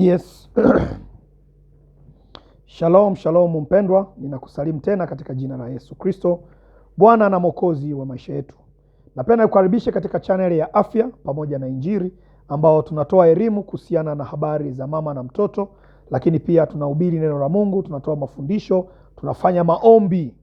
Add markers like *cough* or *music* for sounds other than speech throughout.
Yes. *clears throat* Shalom, shalom mpendwa, ninakusalimu tena katika jina la Yesu Kristo, Bwana na Mwokozi wa maisha yetu. Napenda kukaribisha katika chaneli ya Afya Pamoja na Injili ambao tunatoa elimu kuhusiana na habari za mama na mtoto, lakini pia tunahubiri neno la Mungu, tunatoa mafundisho, tunafanya maombi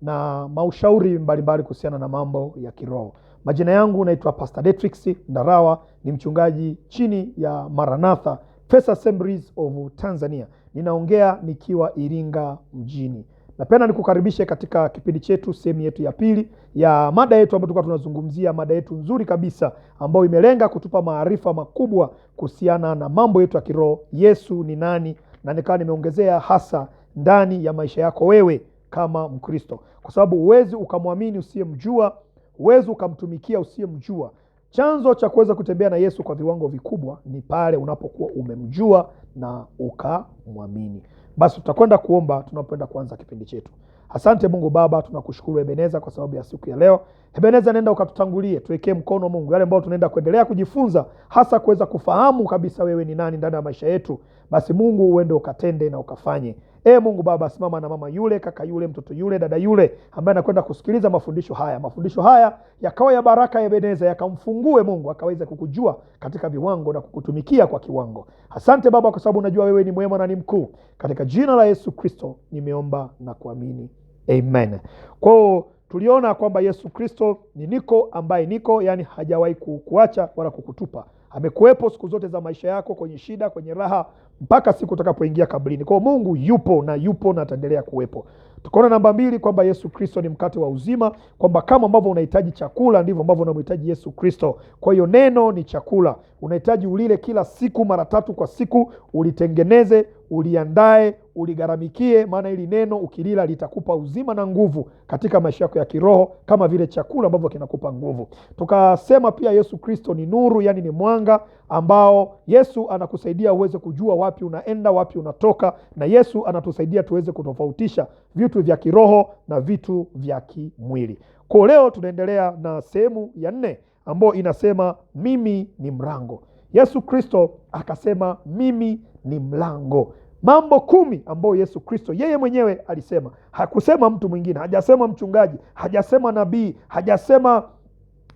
na maushauri mbalimbali kuhusiana na mambo ya kiroho. Majina yangu naitwa Pastor Detrix Ndarawa, ni mchungaji chini ya Maranatha First Assemblies of Tanzania. Ninaongea nikiwa Iringa mjini. Napenda nikukaribishe katika kipindi chetu, sehemu yetu ya pili ya mada yetu ambayo tulikuwa tunazungumzia mada yetu nzuri kabisa ambayo imelenga kutupa maarifa makubwa kuhusiana na mambo yetu ya kiroho. Yesu ni nani? Na nikawa nimeongezea hasa ndani ya maisha yako wewe kama Mkristo, kwa sababu huwezi ukamwamini usiyemjua, huwezi ukamtumikia usiyemjua. Chanzo cha kuweza kutembea na Yesu kwa viwango vikubwa ni pale unapokuwa umemjua na ukamwamini. Basi tutakwenda kuomba tunapoenda kuanza kipindi chetu. Asante Mungu Baba, tunakushukuru Ebeneza kwa sababu ya siku ya leo. Ebeneza, nenda ukatutangulie, tuwekee mkono Mungu, yale ambayo tunaenda kuendelea kujifunza, hasa kuweza kufahamu kabisa wewe ni nani ndani ya maisha yetu, basi Mungu uende ukatende na ukafanye. E Mungu Baba, simama na mama yule, kaka yule, mtoto yule, dada yule ambaye anakwenda kusikiliza mafundisho haya. Mafundisho haya yakawa ya baraka ya Ebeneza, yakamfungue Mungu akaweze kukujua katika viwango na kukutumikia kwa kiwango. Asante Baba kwa sababu unajua wewe ni mwema na ni mkuu. Katika jina la Yesu Kristo nimeomba na kuamini, amen. Kwao tuliona kwamba Yesu Kristo ni niko ambaye niko, yaani hajawahi kukuacha wala kukutupa amekuwepo siku zote za maisha yako, kwenye shida, kwenye raha, mpaka siku utakapoingia kabrini. Kwa Mungu yupo na yupo na ataendelea kuwepo. Tukaona namba mbili kwamba Yesu Kristo ni mkate wa uzima, kwamba kama ambavyo unahitaji chakula ndivyo ambavyo unamhitaji Yesu Kristo. Kwa hiyo neno ni chakula, unahitaji ulile kila siku, mara tatu kwa siku, ulitengeneze uliandae, uligaramikie maana hili neno ukilila litakupa uzima na nguvu katika maisha yako ya kiroho, kama vile chakula ambavyo kinakupa nguvu. Tukasema pia Yesu Kristo ni nuru, yaani ni mwanga ambao Yesu anakusaidia uweze kujua wapi unaenda, wapi unatoka, na Yesu anatusaidia tuweze kutofautisha vitu vya kiroho na vitu vya kimwili. Kwa leo tunaendelea na sehemu ya nne ambayo inasema mimi ni mlango. Yesu Kristo akasema mimi ni mlango mambo kumi ambayo Yesu Kristo yeye mwenyewe alisema. Hakusema mtu mwingine, hajasema mchungaji, hajasema nabii, hajasema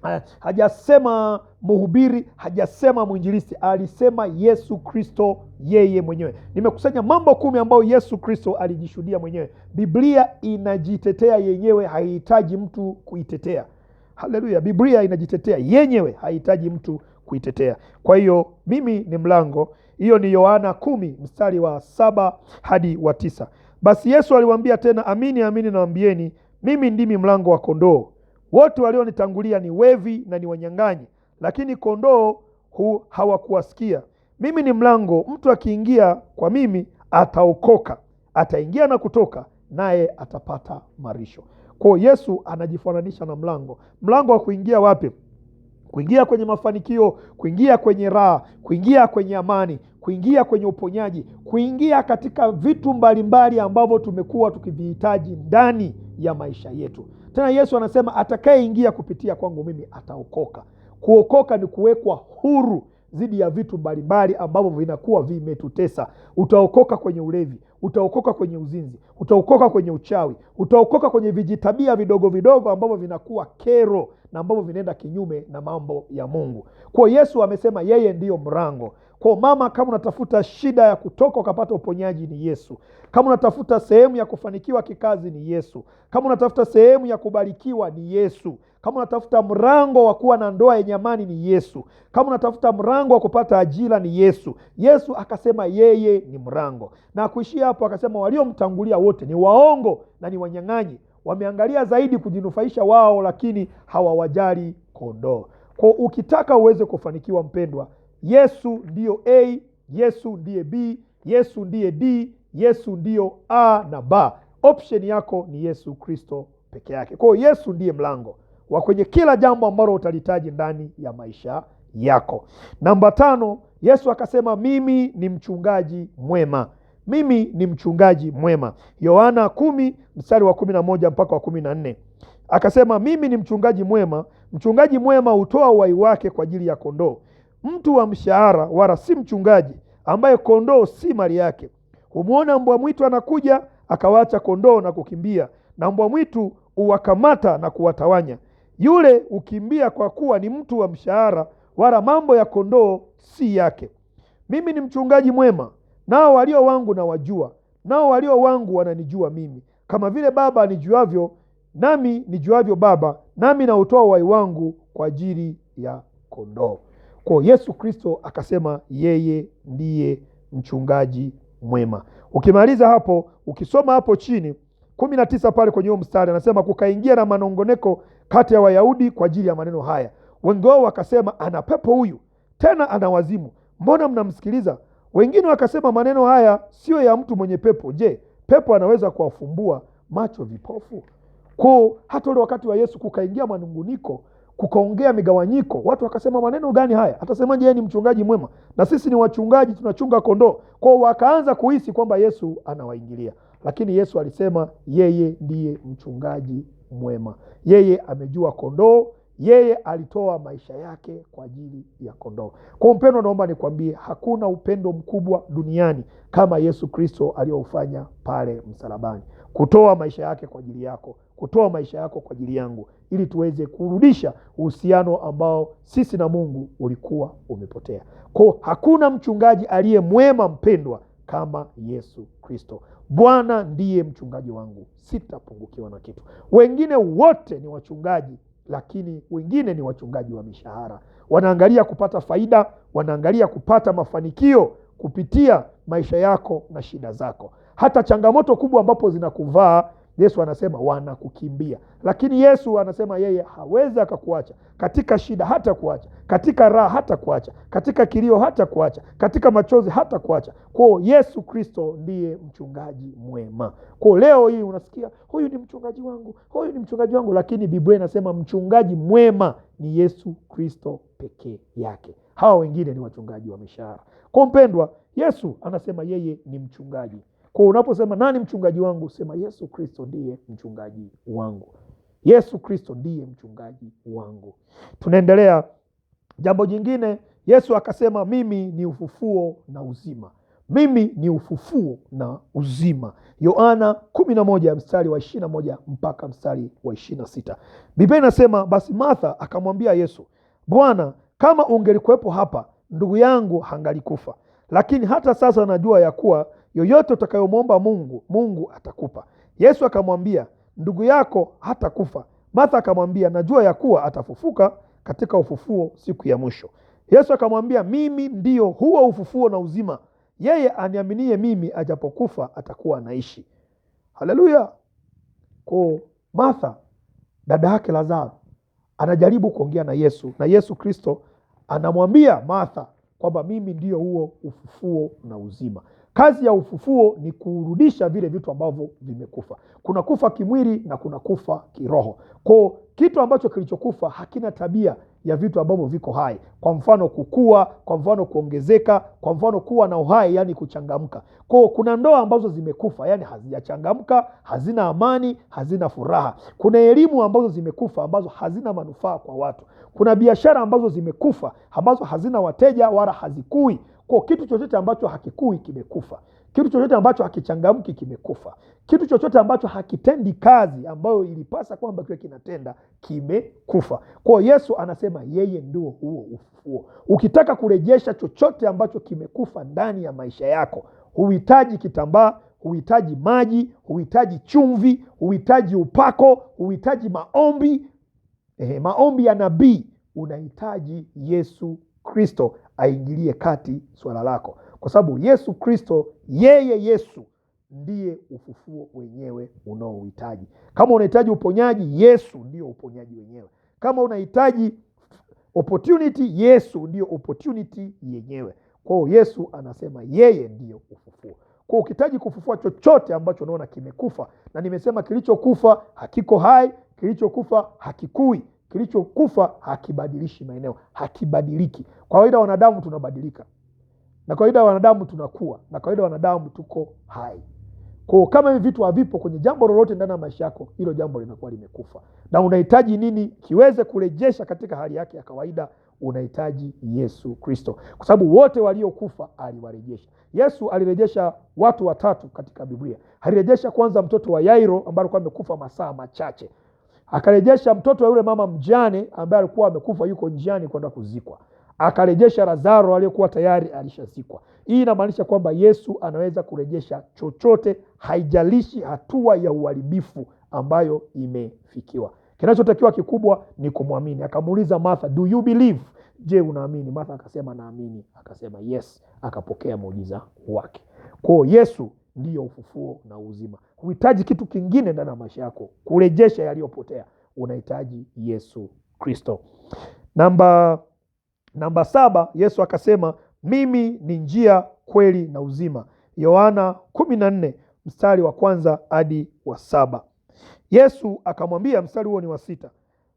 eh, hajasema mhubiri, hajasema mwinjilisti, alisema Yesu Kristo yeye mwenyewe. Nimekusanya mambo kumi ambayo Yesu Kristo alijishuhudia mwenyewe. Biblia inajitetea yenyewe, haihitaji mtu kuitetea. Haleluya! Biblia inajitetea yenyewe, hahitaji mtu kuitetea. Kwa hiyo mimi ni mlango. Hiyo ni Yohana kumi mstari wa saba hadi wa tisa. Basi Yesu aliwaambia tena, amini amini nawaambieni, mimi ndimi mlango wa kondoo. Wote walionitangulia ni wevi na ni wanyang'anyi, lakini kondoo hu hawakuwasikia. Mimi ni mlango, mtu akiingia kwa mimi ataokoka, ataingia na kutoka, naye atapata marisho. Kwao Yesu anajifananisha na mlango, mlango wa kuingia wapi? Kuingia kwenye mafanikio, kuingia kwenye raha, kuingia kwenye amani, kuingia kwenye uponyaji, kuingia katika vitu mbalimbali ambavyo tumekuwa tukivihitaji ndani ya maisha yetu. Tena Yesu anasema atakayeingia kupitia kwangu mimi ataokoka. Kuokoka ni kuwekwa huru dhidi ya vitu mbalimbali ambavyo vinakuwa vimetutesa. Utaokoka kwenye ulevi, utaokoka kwenye uzinzi, utaokoka kwenye uchawi, utaokoka kwenye vijitabia vidogo vidogo ambavyo vinakuwa kero na ambavyo vinaenda kinyume na mambo ya Mungu. Kwa Yesu amesema yeye ndiyo mrango. Kwa mama, kama unatafuta shida ya kutoka ukapata uponyaji ni Yesu. Kama unatafuta sehemu ya kufanikiwa kikazi ni Yesu. Kama unatafuta sehemu ya kubarikiwa ni Yesu. Kama unatafuta mrango wa kuwa na ndoa yenye amani ni Yesu. Kama unatafuta mrango wa kupata ajira ni Yesu. Yesu akasema yeye ni mrango, na kuishia hapo, akasema waliomtangulia wote ni waongo na ni wanyang'anyi, wameangalia zaidi kujinufaisha wao, lakini hawawajali kondoo. Kwa ukitaka uweze kufanikiwa, mpendwa Yesu ndiyo A, Yesu ndiye B, Yesu ndiye D, Yesu ndiyo A na B. Option yako ni Yesu Kristo peke yake. Kwa hiyo Yesu ndiye mlango wa kwenye kila jambo ambalo utalihitaji ndani ya maisha yako. Namba tano, Yesu akasema mimi ni mchungaji mwema. Mimi ni mchungaji mwema, Yohana kumi mstari wa kumi na moja mpaka wa kumi na nne akasema mimi ni mchungaji mwema, mchungaji mwema hutoa uhai wake kwa ajili ya kondoo mtu wa mshahara wala si mchungaji, ambaye kondoo si mali yake. Humwona mbwa mwitu anakuja, akawaacha kondoo na kukimbia, na mbwa mwitu uwakamata na kuwatawanya. Yule hukimbia kwa kuwa ni mtu wa mshahara, wala mambo ya kondoo si yake. Mimi ni mchungaji mwema, nao walio wangu nawajua, nao walio wangu wananijua mimi, kama vile Baba anijuavyo nami nijuavyo Baba, nami nautoa uhai wangu kwa ajili ya kondoo. Kwa Yesu Kristo akasema yeye ndiye mchungaji mwema. Ukimaliza hapo, ukisoma hapo chini kumi na tisa pale kwenye huo mstari anasema, kukaingia na manongoneko kati ya Wayahudi kwa ajili ya maneno haya. Wengi wao wakasema, ana pepo huyu, tena ana wazimu, mbona mnamsikiliza? Wengine wakasema, maneno haya siyo ya mtu mwenye pepo. Je, pepo anaweza kuwafumbua macho vipofu? Kwa hata ule wakati wa Yesu kukaingia manunguniko kukaongea migawanyiko, watu wakasema maneno gani haya? Atasemaje yeye ni mchungaji mwema na sisi ni wachungaji tunachunga kondoo? Kwao wakaanza kuhisi kwamba Yesu anawaingilia, lakini Yesu alisema yeye ndiye mchungaji mwema, yeye amejua kondoo, yeye alitoa maisha yake kwa ajili ya kondoo. Kwa mpendo, naomba nikwambie hakuna upendo mkubwa duniani kama Yesu Kristo aliyoufanya pale msalabani kutoa maisha yake kwa ajili yako, kutoa maisha yako kwa ajili yangu, ili tuweze kurudisha uhusiano ambao sisi na Mungu ulikuwa umepotea. Kwa hakuna mchungaji aliye mwema mpendwa kama Yesu Kristo. Bwana ndiye mchungaji wangu, sitapungukiwa na kitu. Wengine wote ni wachungaji, lakini wengine ni wachungaji wa mishahara, wanaangalia kupata faida, wanaangalia kupata mafanikio kupitia maisha yako na shida zako hata changamoto kubwa ambapo zinakuvaa Yesu anasema wanakukimbia, lakini Yesu anasema yeye hawezi akakuacha katika shida, hata kuacha katika raha, hata kuacha katika kilio, hata kuacha katika machozi, hata kuacha kwao. Yesu Kristo ndiye mchungaji mwema. Kwao leo hii unasikia huyu ni mchungaji wangu, huyu ni mchungaji wangu, lakini Biblia inasema mchungaji mwema ni Yesu Kristo pekee yake. Hawa wengine ni wachungaji wa mishahara. Kwa mpendwa, Yesu anasema yeye ni mchungaji kwa unaposema nani mchungaji wangu, sema Yesu Kristo ndiye mchungaji wangu. Yesu Kristo ndiye mchungaji wangu. Tunaendelea. Jambo jingine, Yesu akasema mimi ni ufufuo na uzima. Mimi ni ufufuo na uzima. Yohana 11 mstari wa 21 mpaka mstari wa 26. Biblia inasema basi Martha akamwambia Yesu, Bwana, kama ungelikuwepo hapa ndugu yangu hangalikufa, lakini hata sasa najua ya kuwa yoyote utakayomwomba Mungu, Mungu atakupa. Yesu akamwambia, ndugu yako hatakufa. Martha akamwambia, najua ya kuwa atafufuka katika ufufuo siku ya mwisho. Yesu akamwambia, mimi ndiyo huo ufufuo na uzima, yeye aniaminie mimi, ajapokufa atakuwa anaishi. Haleluya! ko Martha dada yake Lazaro anajaribu kuongea na Yesu na Yesu Kristo anamwambia Martha kwamba mimi ndiyo huo ufufuo na uzima. Kazi ya ufufuo ni kurudisha vile vitu ambavyo vimekufa. Kuna kufa kimwili na kuna kufa kiroho. Kwa kitu ambacho kilichokufa hakina tabia ya vitu ambavyo viko hai, kwa mfano kukua, kwa mfano kuongezeka, kwa mfano kuwa na uhai, yani kuchangamka. Kwa kuna ndoa ambazo zimekufa, yani hazijachangamka, hazina amani, hazina furaha. Kuna elimu ambazo zimekufa, ambazo hazina manufaa kwa watu. Kuna biashara ambazo zimekufa, ambazo hazina wateja wala hazikui. Kwa kitu chochote ambacho hakikui kimekufa, kitu chochote ambacho hakichangamki kimekufa, kitu chochote ambacho hakitendi kazi ambayo ilipasa kwamba kiwe kinatenda kimekufa. Kwa Yesu anasema yeye ndio huo ufufuo. Ukitaka kurejesha chochote ambacho kimekufa ndani ya maisha yako, huhitaji kitambaa huhitaji maji, huhitaji chumvi, huhitaji upako, huhitaji maombi. Eh, maombi ya nabii, unahitaji Yesu Kristo aingilie kati swala lako, kwa sababu Yesu Kristo, yeye Yesu ndiye ufufuo wenyewe unaohitaji Kama unahitaji uponyaji, Yesu ndio uponyaji wenyewe. Kama unahitaji opportunity, Yesu ndio opportunity yenyewe. Kwa hiyo Yesu anasema yeye ndiyo ufufuo. Kwa ukihitaji kufufua chochote ambacho unaona kimekufa, na nimesema kilichokufa hakiko hai, kilichokufa hakikui. Kilichokufa hakibadilishi maeneo, hakibadiliki. Kwa Kawaida wanadamu tunabadilika, na kawaida wanadamu tunakuwa, na kawaida wanadamu tuko hai. Kwa kama hivi vitu havipo kwenye jambo lolote ndani ya maisha yako, hilo jambo linakuwa limekufa. Na unahitaji nini kiweze kurejesha katika hali yake ya kawaida? Unahitaji Yesu Kristo, kwa sababu wote waliokufa aliwarejesha. Yesu alirejesha watu watatu katika Biblia. Alirejesha kwanza mtoto wa Yairo ambaye alikuwa amekufa masaa machache Akarejesha mtoto wa yule mama mjane ambaye alikuwa amekufa yuko njiani kwenda kuzikwa, akarejesha Lazaro aliyekuwa tayari alishazikwa. Hii inamaanisha kwamba Yesu anaweza kurejesha chochote, haijalishi hatua ya uharibifu ambayo imefikiwa. Kinachotakiwa kikubwa ni kumwamini. Akamuuliza Martha, do you believe? Je, unaamini? Martha akasema naamini. Akasema yes, akapokea muujiza wake. Kwa Yesu ndio ufufuo na uzima. Huhitaji kitu kingine ndani ya maisha yako kurejesha yaliyopotea, unahitaji Yesu Kristo. Namba namba saba, Yesu akasema mimi ni njia, kweli na uzima, Yohana kumi na nne mstari wa kwanza hadi wa saba. Yesu akamwambia, mstari huo ni wa sita,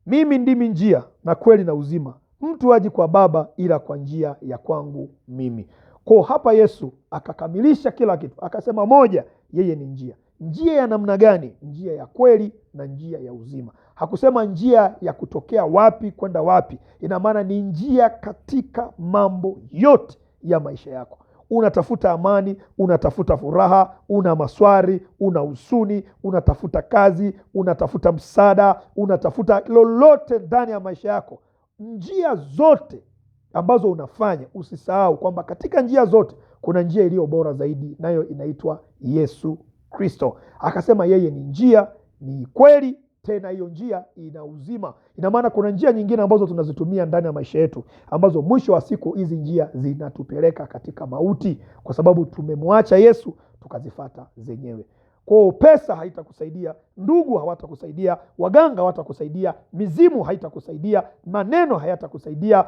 mimi ndimi njia na kweli na uzima, mtu haji kwa Baba ila kwa njia ya kwangu mimi. Kwa hapa Yesu akakamilisha kila kitu, akasema moja, yeye ni njia. Njia ya namna gani? Njia ya kweli na njia ya uzima. Hakusema njia ya kutokea wapi kwenda wapi. Ina maana ni njia katika mambo yote ya maisha yako. Unatafuta amani, unatafuta furaha, una maswari, una husuni, unatafuta kazi, unatafuta msaada, unatafuta lolote ndani ya maisha yako, njia zote ambazo unafanya, usisahau kwamba katika njia zote kuna njia iliyo bora zaidi, nayo inaitwa Yesu Kristo. Akasema yeye ni njia, ni kweli, tena hiyo njia ina uzima. Ina maana kuna njia nyingine ambazo tunazitumia ndani ya maisha yetu, ambazo mwisho wa siku hizi njia zinatupeleka katika mauti, kwa sababu tumemwacha Yesu tukazifata zenyewe. Kwao pesa haitakusaidia, ndugu hawatakusaidia, waganga hawatakusaidia, mizimu haitakusaidia, maneno hayatakusaidia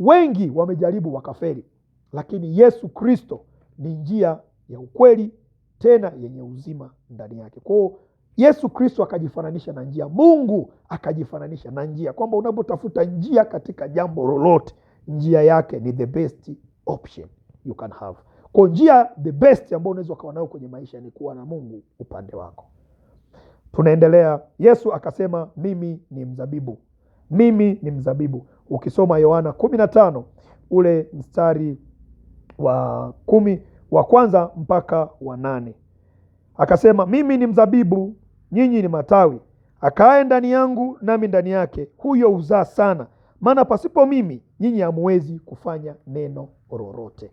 Wengi wamejaribu wakafeli, lakini Yesu Kristo ni njia ya ukweli tena yenye uzima ndani yake. Kwa hiyo Yesu Kristo akajifananisha na njia, Mungu akajifananisha na njia, kwamba unapotafuta njia katika jambo lolote, njia yake ni the best option you can have. Kwa njia the best ambayo unaweza ukawa nayo kwenye maisha ni kuwa na Mungu upande wako. Tunaendelea. Yesu akasema, mimi ni mzabibu mimi ni mzabibu. Ukisoma Yohana kumi na tano ule mstari wa kumi wa kwanza mpaka wa nane akasema, mimi ni mzabibu, nyinyi ni matawi. Akae ndani yangu nami ndani yake, huyo huzaa sana, maana pasipo mimi nyinyi hamuwezi kufanya neno lolote.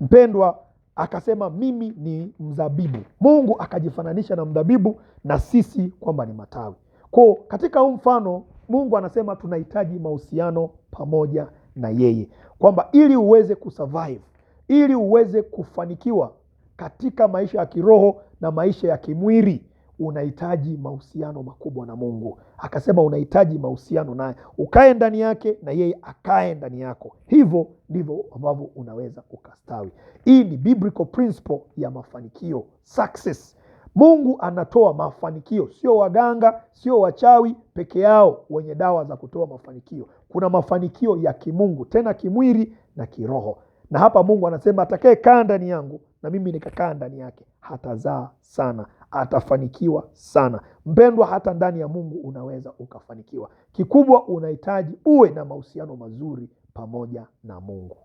Mpendwa, akasema mimi ni mzabibu. Mungu akajifananisha na mzabibu na sisi kwamba ni matawi. Kwa katika huu mfano Mungu anasema tunahitaji mahusiano pamoja na yeye, kwamba ili uweze kusurvive, ili uweze kufanikiwa katika maisha ya kiroho na maisha ya kimwili unahitaji mahusiano makubwa na Mungu. Akasema unahitaji mahusiano naye, ukae ndani yake na yeye akae ndani yako. Hivyo ndivyo ambavyo unaweza ukastawi. Hii ni biblical principle ya mafanikio, success Mungu anatoa mafanikio, sio waganga, sio wachawi peke yao wenye dawa za kutoa mafanikio. Kuna mafanikio ya kimungu, tena kimwili na kiroho. Na hapa Mungu anasema kaa ndani yangu na mimi nikakaa ndani yake, hatazaa sana, atafanikiwa sana. Mpendwa, hata ndani ya Mungu unaweza ukafanikiwa. Kikubwa unahitaji uwe na mahusiano mazuri pamoja na Mungu.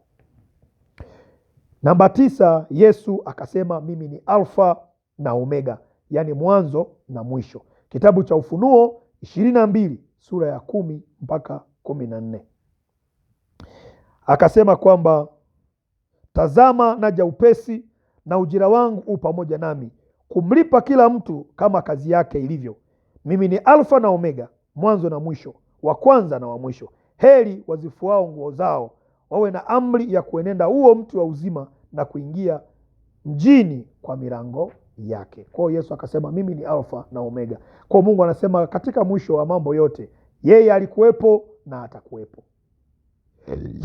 Namba tisa, Yesu akasema mimi ni Alfa na Omega, yaani mwanzo na mwisho. Kitabu cha Ufunuo ishirini na mbili sura ya kumi mpaka kumi na nne. Akasema kwamba tazama, naja upesi, na ujira wangu u pamoja nami kumlipa kila mtu kama kazi yake ilivyo. Mimi ni Alfa na Omega, mwanzo na mwisho, wa kwanza na wa mwisho. Heri wazifuao nguo zao, wawe na amri ya kuenenda huo mti wa uzima, na kuingia mjini kwa milango yake. Kwao Yesu akasema mimi ni Alfa na Omega. Kwao Mungu anasema katika mwisho wa mambo yote yeye alikuwepo na atakuwepo.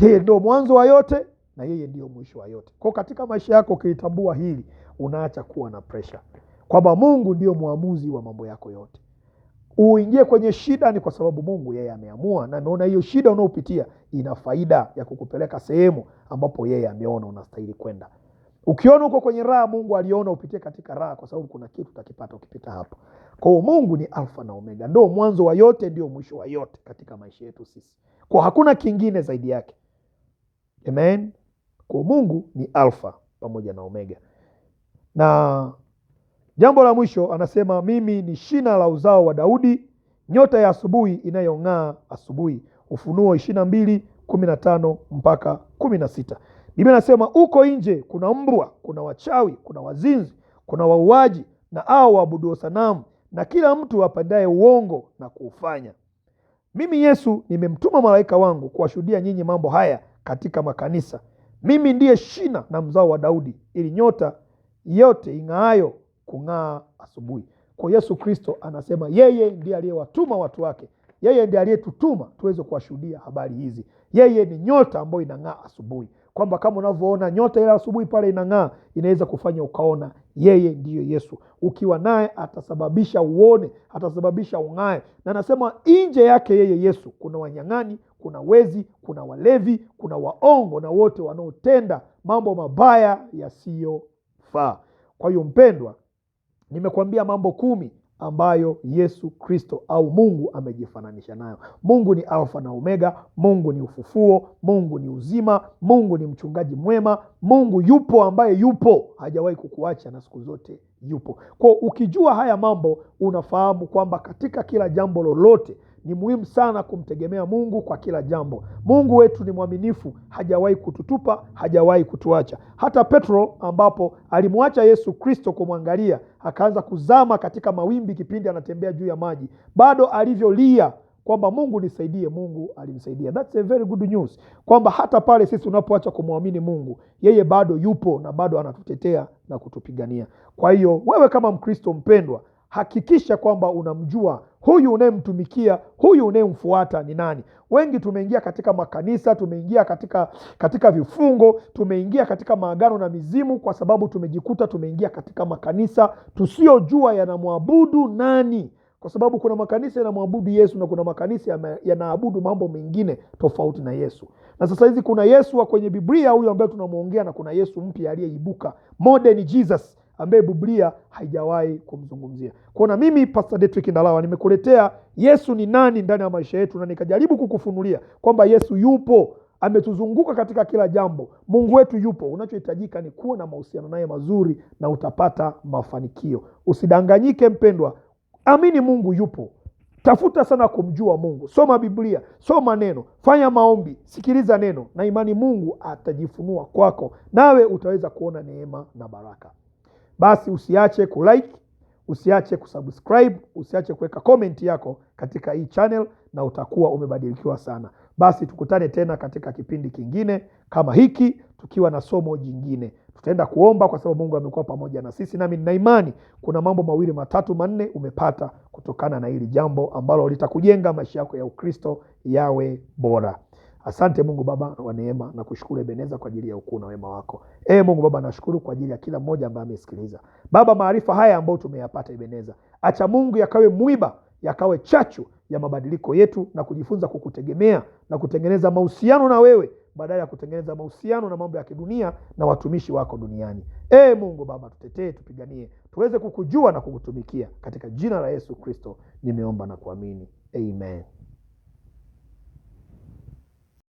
Yeye ndio mwanzo wa yote na yeye ndio mwisho wa yote. Kwao katika maisha yako ukilitambua hili, unaacha kuwa na presha kwamba Mungu ndio mwamuzi wa mambo yako yote. Uingie kwenye shida ni kwa sababu Mungu yeye ameamua na ameona hiyo shida unaopitia ina faida ya kukupeleka sehemu ambapo yeye ameona unastahili kwenda. Ukiona uko kwenye raha, Mungu aliona upitie katika raha, kwa sababu kuna kitu utakipata ukipita hapo. Kwa hiyo Mungu ni Alfa na Omega, ndo mwanzo wa yote, ndio mwisho wa yote katika maisha yetu sisi, kwa hakuna kingine zaidi yake. Amen. Kwa Mungu ni Alfa pamoja na Omega. Na jambo la mwisho anasema, mimi ni shina la uzao wa Daudi, nyota ya asubuhi inayong'aa asubuhi. Ufunuo ishirini na mbili kumi na tano mpaka kumi na sita. Biblia inasema huko nje kuna mbwa, kuna wachawi, kuna wazinzi, kuna wauaji na hao waabuduo sanamu na kila mtu apandaye uongo na kuufanya. Mimi Yesu nimemtuma malaika wangu kuwashuhudia nyinyi mambo haya katika makanisa. Mimi ndiye shina na mzao wa Daudi, ili nyota yote ing'aayo kung'aa asubuhi. Kwa Yesu Kristo anasema yeye ndiye aliyewatuma watu wake, yeye ndiye aliyetutuma tuweze kuwashuhudia habari hizi. Yeye ni nyota ambayo inang'aa asubuhi kwamba kama unavyoona nyota ile asubuhi pale inang'aa, inaweza kufanya ukaona yeye ndiyo Yesu. Ukiwa naye atasababisha uone, atasababisha ung'ae. Na anasema nje yake yeye Yesu kuna wanyang'ani kuna wezi, kuna walevi, kuna waongo na wote wanaotenda mambo mabaya yasiyofaa. Kwa hiyo mpendwa, nimekuambia mambo kumi ambayo Yesu Kristo au Mungu amejifananisha nayo. Mungu ni Alfa na Omega, Mungu ni ufufuo, Mungu ni uzima, Mungu ni mchungaji mwema, Mungu yupo ambaye yupo, hajawahi kukuacha na siku zote yupo. Kwa ukijua haya mambo, unafahamu kwamba katika kila jambo lolote ni muhimu sana kumtegemea Mungu kwa kila jambo. Mungu wetu ni mwaminifu, hajawahi kututupa, hajawahi kutuacha. Hata Petro ambapo alimwacha Yesu Kristo kumwangalia, akaanza kuzama katika mawimbi kipindi anatembea juu ya maji, bado alivyolia kwamba Mungu nisaidie, Mungu alimsaidia. That's a very good news, kwamba hata pale sisi tunapoacha kumwamini Mungu, yeye bado yupo na bado anatutetea na kutupigania. Kwa hiyo wewe kama Mkristo mpendwa hakikisha kwamba unamjua huyu unayemtumikia, huyu unayemfuata ni nani. Wengi tumeingia katika makanisa, tumeingia katika katika vifungo, tumeingia katika maagano na mizimu, kwa sababu tumejikuta tumeingia katika makanisa tusiyojua yanamwabudu nani, kwa sababu kuna makanisa yanamwabudu Yesu na kuna makanisa yanaabudu mambo mengine tofauti na Yesu. Na sasa hizi kuna Yesu wa kwenye Biblia huyu ambaye tunamwongea, na kuna Yesu mpya aliyeibuka, modern Jesus ambaye Biblia haijawahi kumzungumzia. Kwa na mimi Pastor Detrick Ndalawa nimekuletea Yesu ni nani ndani ya maisha yetu, na nikajaribu kukufunulia kwamba Yesu yupo ametuzunguka katika kila jambo. Mungu wetu yupo. Unachohitajika ni kuwa na mahusiano naye mazuri na utapata mafanikio. Usidanganyike mpendwa, amini Mungu yupo. Tafuta sana kumjua Mungu, soma Biblia, soma neno, fanya maombi, sikiliza neno, na imani Mungu atajifunua kwako, nawe utaweza kuona neema na baraka basi usiache kulike, usiache kusubscribe, usiache kuweka komenti yako katika hii channel na utakuwa umebadilikiwa sana. Basi tukutane tena katika kipindi kingine kama hiki, tukiwa na somo jingine. Tutaenda kuomba kwa sababu Mungu amekuwa pamoja na sisi, nami nina imani kuna mambo mawili matatu manne umepata kutokana na hili jambo ambalo litakujenga maisha yako ya Ukristo yawe bora. Asante Mungu Baba wa neema, na kushukuru Ebeneza kwa ajili ya ukuu na wema wako. E Mungu Baba, nashukuru kwa ajili ya kila mmoja ambaye amesikiliza Baba maarifa haya ambayo tumeyapata Ebeneza. Acha Mungu yakawe mwiba, yakawe chachu ya mabadiliko yetu na kujifunza kukutegemea na kutengeneza mahusiano na wewe badala ya kutengeneza mahusiano na mambo ya kidunia na watumishi wako duniani. E Mungu Baba, tutetee, tupiganie, tuweze kukujua na kukutumikia. Katika jina la Yesu Kristo nimeomba na kuamini, amen.